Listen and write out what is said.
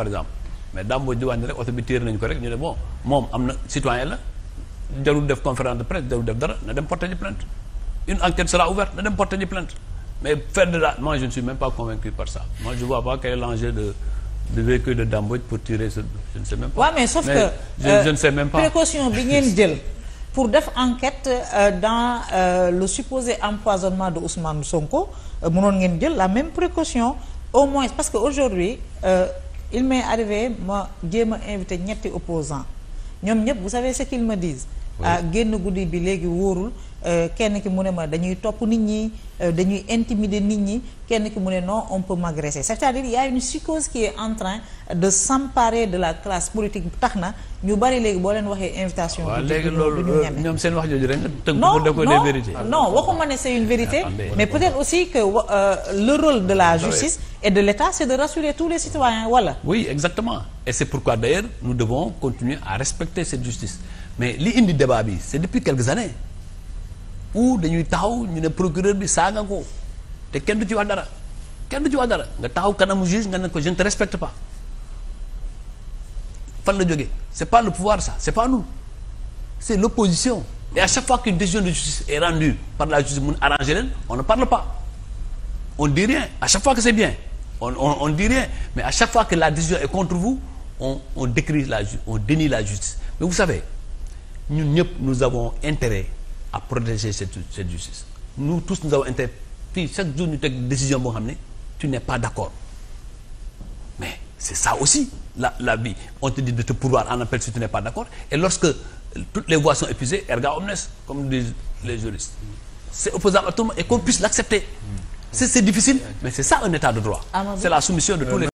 par exemple mais dàmboo di wàññi rek oto bi téer nañu ko rek ñu ne bon moom am na citoyen la jarul def conférence de presse jarul def dara na dem porter ji plainte une enquête sera ouverte na dem porter ji plainte mais faire de la je ne suis même pas convaincu par ça mais je euh, ne sais même pas précaution bi ngeen jël pour def enquête euh, dans euh, le supposé empoisonnement de Ousmane Sonko mënoon ngeen jël la même précaution au moins parce que aujourd'hui il m'est arrivé ma jéem a invité ñetti opposants ñoom ñëpp vous savez ce qu'ils me ah génn guddi bi léegi wóorul euh, kenn ki mu ne ma dañuy topp nit ñi euh, dañuy intimider nit ñi kenn ki mu ne non on peut m'agresser cest de s'emparer de la classe politique tax na ñu bari léegi boo leen waxee invitation. waaw léegi loolu ñoom seen wax jooju rek tënk ko da ko des vérités non waxuma ne c'est vérité ah, mais peut-être aussi que euh, le rôle de la ah, justice et de l'État c'est de rassurer tous les citoyens voilà. oui exactement et c'est pourquoi d'ailleurs nous devons continuer à respecter cette mais li indi débat bi c'est depuis quelques années où dañuy taxaw ñu ne procureur bi saaga ko te kenn du ci wax dara kenn du ci wax dara nga taxaw kanamu juge nga ne ko je ne te respecte pas fan la jógee c'est pas le pouvoir ça c'est pas nous c'est l'opposition et à chaque fois qu'une décision de justice est rendue par la justice mun arranger leen on ne parle pas on dit rien chaque fois que c'est bien on on on dit mais à chaque fois que la décision est contre vous on on décrit la on dénie la ñun ñëpp nous avons intérêt à protéger cette cette justice nous tous nous avons intérêt fii chaque jour ñu teg décision boo xam ne tu n'es pas d'accord mais c'est ça aussi la la vie on te dit de te pourvoir en appel si tu n'es pas d'accord et lorsque toutes les voies sont épuisées erga omnes comme disent les juristes c'est opposable à le monde et qu'on puisse l'accepter c'est difficile mais c'est ça un état de droit ah, c'est la soumission de tous euh, les